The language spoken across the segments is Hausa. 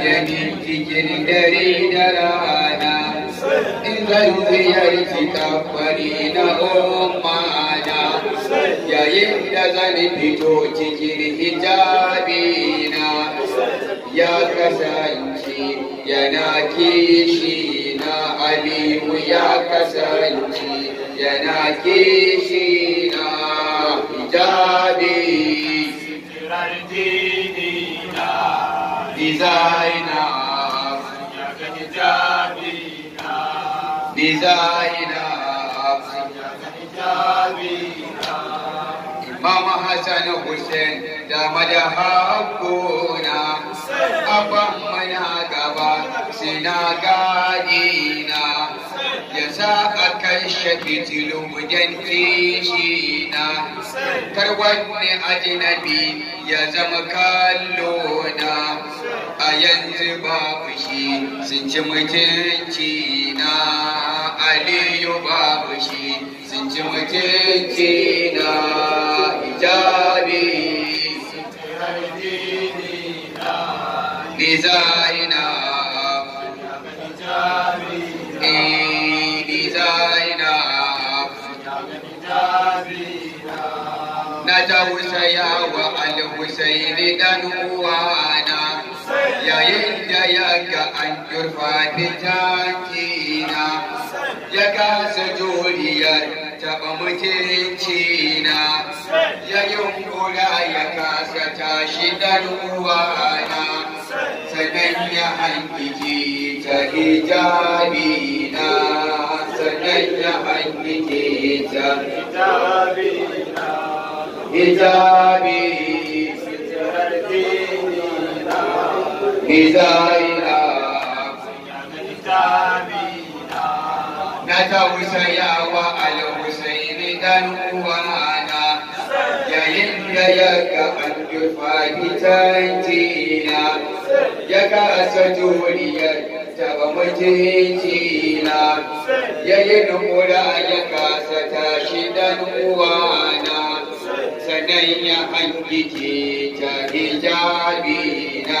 cikin dare da rana in zan ziyarci tabbari na ummana yayin da zan fito cikin na, ya kasance yana kishi na aliyu ya kasance yana kishi na hijabi بزاينا سنياك حجابينا بزاينا سنياك حجابينا إمام حسن حسين دامد حقنا أبا mana gaba suna gadina ya sa a kan shafi tilumujen kishina kar wanne ajinabi ya zama kallona a yanzu babu shi sun ci mutunci na aliyu babu shi sun ci mutunci na hijabi Designer. Eh, na ta wusaya wa al-Husaini dan jayaka an kurfa fi cancina ya kasa juliyar taba na ya yunkura ya kasa tashi daruwana sannan ya hankiji ta hijabina sannan ya hankiji ta hijabina hijabina Na ezaira natawusayawa alwusairiganuwana yayindayaga anjufagitantina yakasatuliya taba mujijina yayinumura yakasatashidanuwana sanaya anjijita hijabina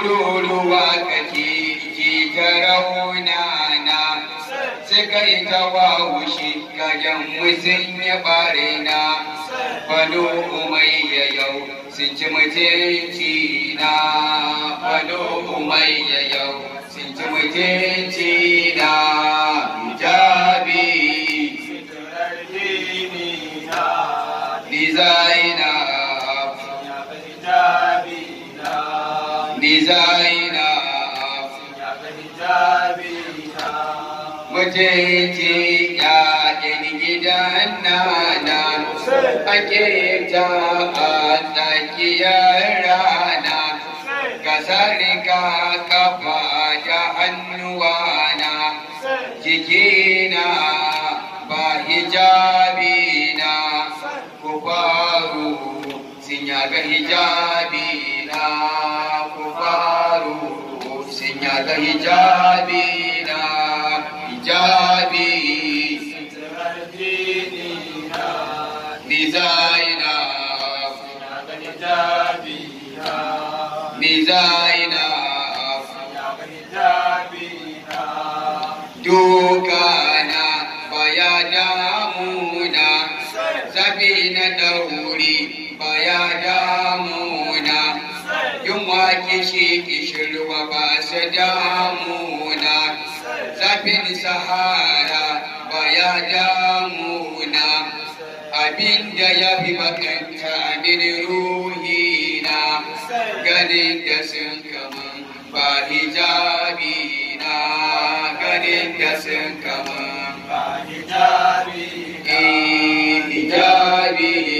kololuwa kake ji ta raunana suka yi ta wawushi gajen musun ya barina balo umayya yau sun ci mutunci na balo umayya yau sun ci mutunci mutunci ya gini gidan nana ake ta a tsakiyar rana ga sarika kafa da hannuwana jikina ba na ku faru sun yaga hijabina ku faru sun yaga kishi baya damuna yunwa kishi kishirwa ba su damuna zafin sahara baya na, abinda ya fi bakanta min ruhina ganin da sun kaman ba na. ganin da sun ba hijabina hijabi eh,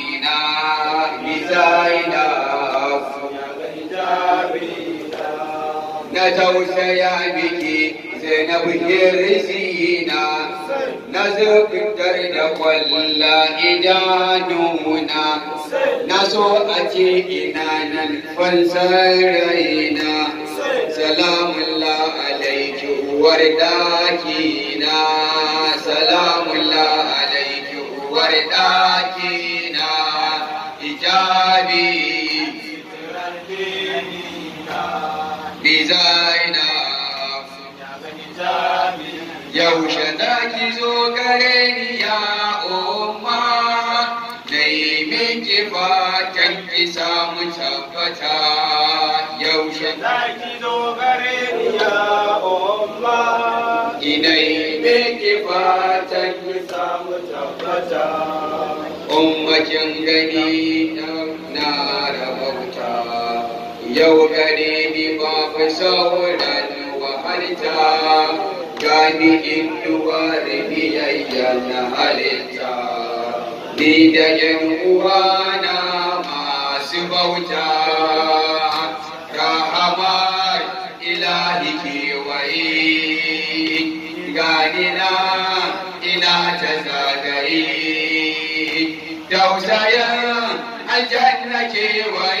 زينب نتوسيا زينب جرسينا نزق الدرد ولا إدانونا نسو أتينا فانسرينا سلام الله عليك ورداكينا سلام الله عليك ورداكينا حجابي dizaina yaushe na ki zo gare ni ya umma da yi min ki fatan ki samu tabbata yaushe na ki zo gare ni ya umma ina yi gani sauran wahalta jami'in duwar biyayya na halitta ni da yan na masu bauta rahamar ilahi kewaye ganina ina ta zagaye tausayin kewaye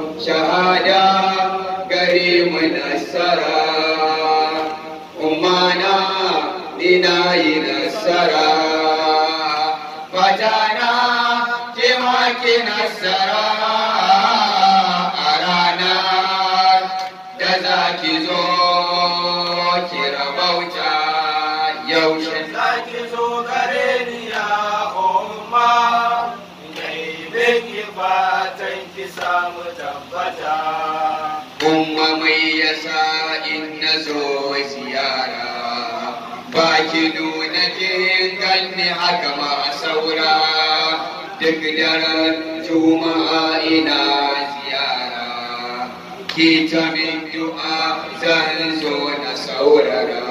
shahada gare mu nasara umana nina yi nasara fatana jimaki nasara a ranar da za ki zo ya sa in na zo ziyara ba ki nuna jin ganni haka ma saura duk daren juma'a ina ziyara ki ta min du'a zan zo na saurara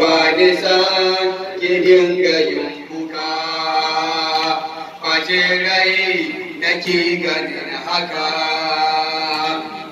ba ni san ki dinga yin kuka ba rai nake ganin haka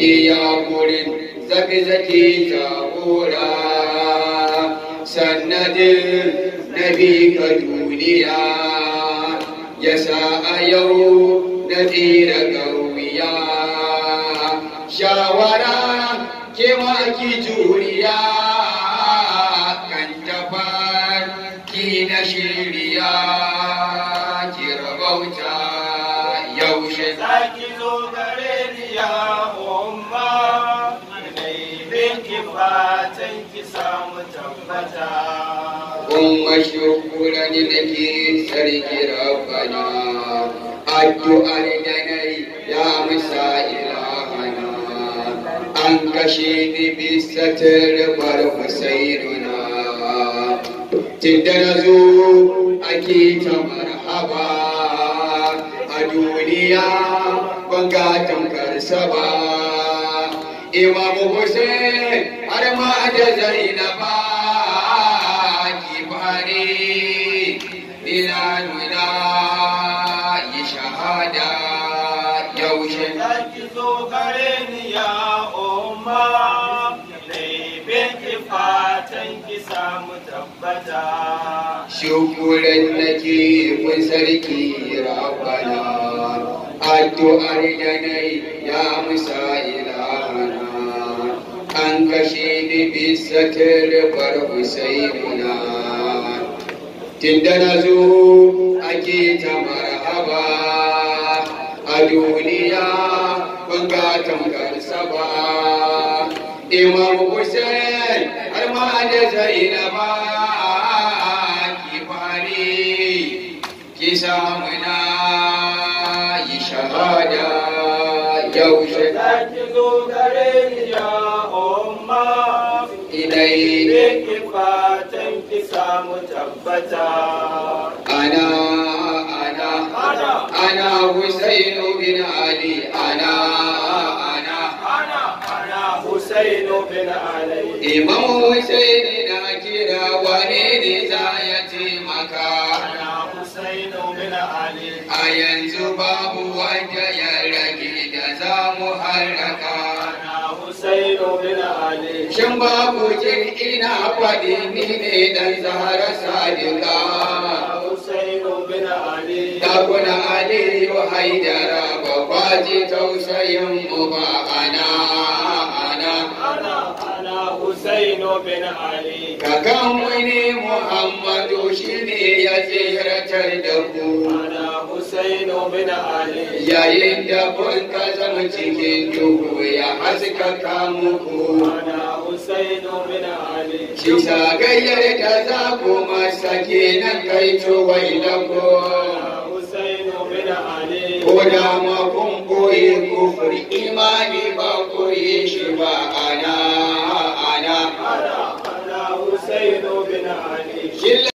yaqulin zaki zaki jawura sanadil nabi ka dunia ya sa'ayau nabi ragawiya syawara kewa ki juriya kancapan ki nasyid samu tabbata kuma shukura ne nake sarki addu'an addu'ar da nayi ya amsa ilahana an kashe ni bisa tarbar husainuna tunda na zo ake ta marhaba a duniya ban tamkar ba imamu hussein are ma aja zari na ki bari ina nuna yi shahada yaushe ki zo kare ni ya umma laifin ki fatan ki samu tabbata shukuran nake kun sarki rabbana addu'ar da nai ya musa ila ni kashidi tindanazu akita marhaba a duniya bangatan karsaba imam hussein har ma da zainaba ki fari ki samu na yi shahada yaushe kai ne ki fatan ki samu tabbata ana ana ana ana Husain bin Ali ana ana ana ana Husain bin Ali Imam Husain babu jin ina faɗi ni ne dan zahara sadika Dakuna Aliyu Haidara ba kwaji tausayin mu ba ana ana Husainu bin Ali kakan wani Muhammadu shine ya tsiratar da ku ana Husainu bin Ali yayin da kun mu cikin duhu ya haskaka muku ana husainu bin ali ki tagayyar da za ku masa kenan kai to wailaku husainu bin ali ko da ma kun koyi imani ba shi ba ana ana ana husainu bin ali